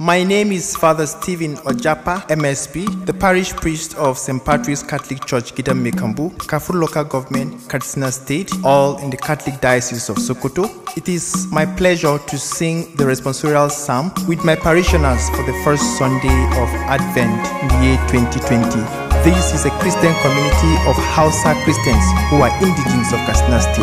My name is Father Stephen Ojapa, MSP, the parish priest of St. Patrick's Catholic Church, Gidam Mekambu, Kafur Local Government, Katsina State, all in the Catholic Diocese of Sokoto. It is my pleasure to sing the responsorial psalm with my parishioners for the first Sunday of Advent in the year 2020. This is a Christian community of Hausa Christians who are indigenous of Katsina State.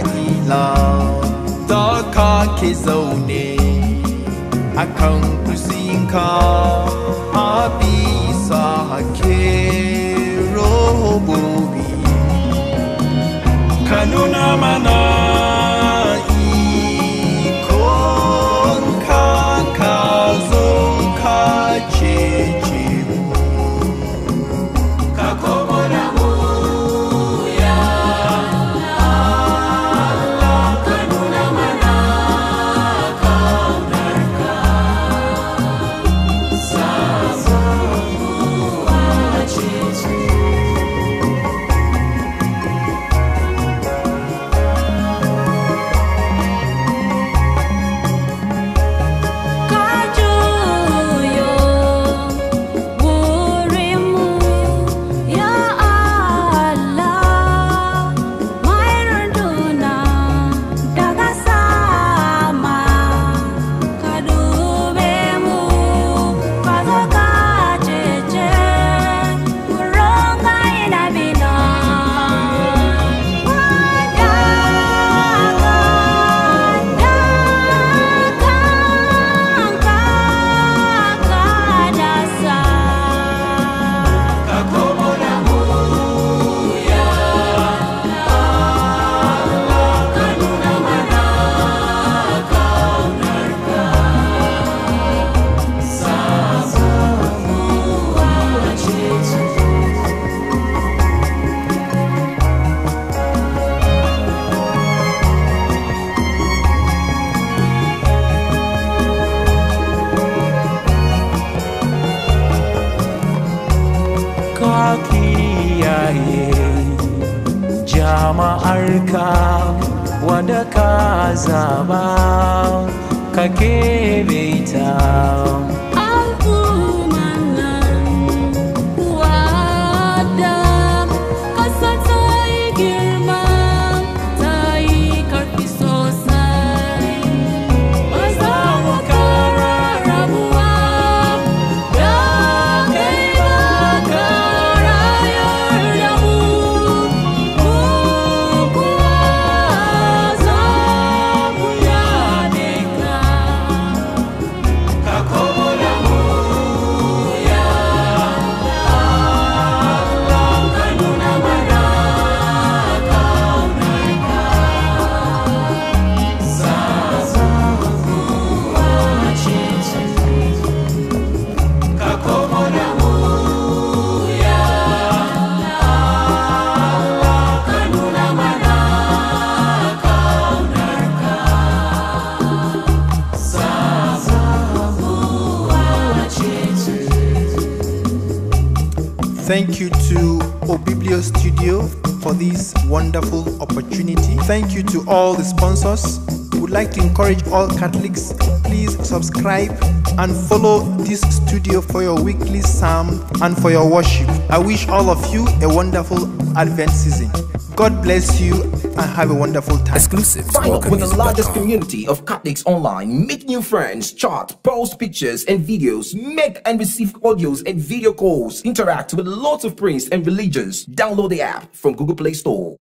Israila Daka a Akan kusinka Abisa hake Rohobobi Kanuna manai ka kiyaye jama'arka wadda ka zaba ka kebe ta Thank you to Obiblio Studio for this wonderful opportunity. Thank you to all the sponsors. We would like to encourage all Catholics, please subscribe and follow this studio for your weekly psalm and for your worship. I wish all of you a wonderful Advent season. God bless you and have a wonderful time. Exclusive. Sign up with the largest community of Catholics online. Meet new friends, chat, post pictures and videos, make and receive audios and video calls, interact with lots of priests and religions. Download the app from Google Play Store.